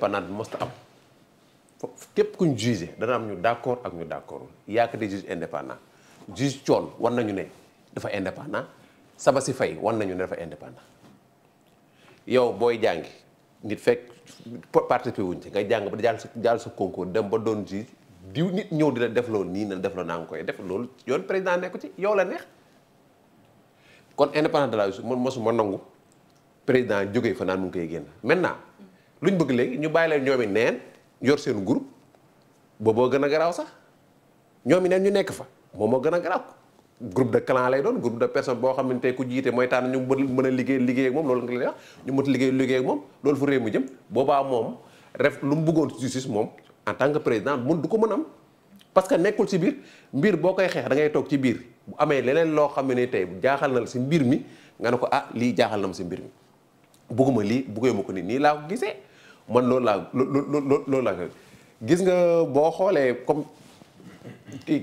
panade bi am képp kuñ jugé dana am ñu d'accord ak ñu d'accord yaa que des juges indépendants juge Thion war nañu ne dafa indépendant si fay war nañu ne dafa indépendant yow booy jàngi nit fekk participer wuñ ci nga jàng ba jàll sa jàll sa concours dem ba doon juge diw nit ñëw di la def loolu nii na def la naa ngi koy def loolu yoon président nekku ci yow la neex kon indépendant de su justice man ma nangu président jógee fa naan mu ngi koy génn maintenant lu luñ bëgg léegi ñu bàyyi leen ñoom i neen seen groupe booboo gën garaaw sax ñoom i neen ñu nekk fa moom moo gën a garaaw groupe de clan lay doon groupe de personne boo xamante ne ku jiite mooy tànn ñu mën a liggéey moom loolu nga lay liggéey liggéey ak loolu fu réew jëm boobaa moom ref lu mu bëggoon ci justice moom en tant que président mun du ko mën am parce que nekkul ci biir mbir boo koy xeex da ngay toog ci biir bu amee leneen xam ne tey jaaxal na la mbir mi nga ne ko ah lii jaaxal na ma si mbir mi bëgguma lii bëggee ma ko ni nii laa ko gisee man loolu laa loolu laa gis nga boo xoolee comme kii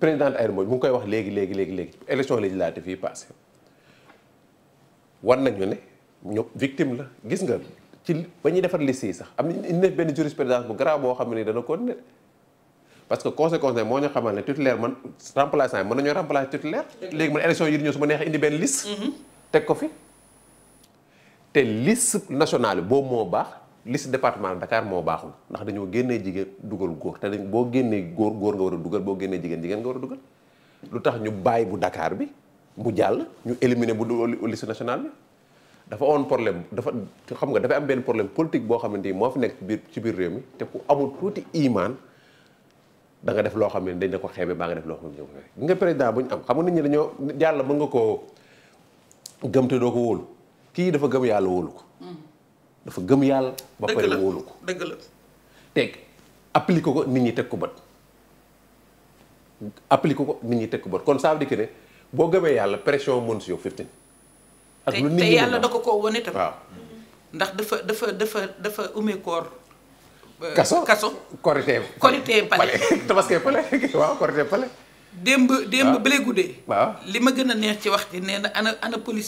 présidente Aïda Mbodj mu ngi koy wax léegi léegi léegi léegi élection législative yi passé war nañu ne ñoom victime la gis nga ci ba ñuy defar liste yi sax am nañu def benn jurisprudence bu grave boo xam ne dana ko ne parce que conséquence ne moo ñu xamal ne titulaire man remplaçant yi mën nañoo remplacer titulaire léegi man élection yi di ñëw su ma neexee indi benn lis mm-hmm. teg ko fi te liste nationale bi boobu moo baax liste département Dakar moo baaxul ndax dañoo génnee jigéen dugal góor te dañ boo génnee góor góor nga war a dugal boo génnee jigéen jigéen nga war a dugal lu tax ñu bàyyi bu dakaar bi mu jàll ñu éliminer bu du liste nationale bi dafa amoon problème dafa xam nga dafa am benn problème politique boo xamante ni moo fi nekk biir ci biir réew mi te ku amul tuuti imaan da nga def loo xam ne dañ la ko xeebe baa nga def loo xam ne dañ bu ñu am xam nga nit ñi dañoo jàll mën nga koo gëm te doo ko kii dafa gëm yàlla wóolu ko. dafa gëm yàlla. ba pare wóolu ko dëgg la teg appliqué ko nit ñi teg ko bët. appliqué ko nit ñi teg ko bët kon ça veut boo gëmee yàlla pression mën si yow fifteen. ak nit ñi te yàlla da ko koo wane tam. waaw ndax dafa dafa dafa dafa umé koor. Euh, kaso kaso korité korité pale tabaské pale démb démb ba guddee waaw li ma gën a neex ci wax ji nee na ana ana police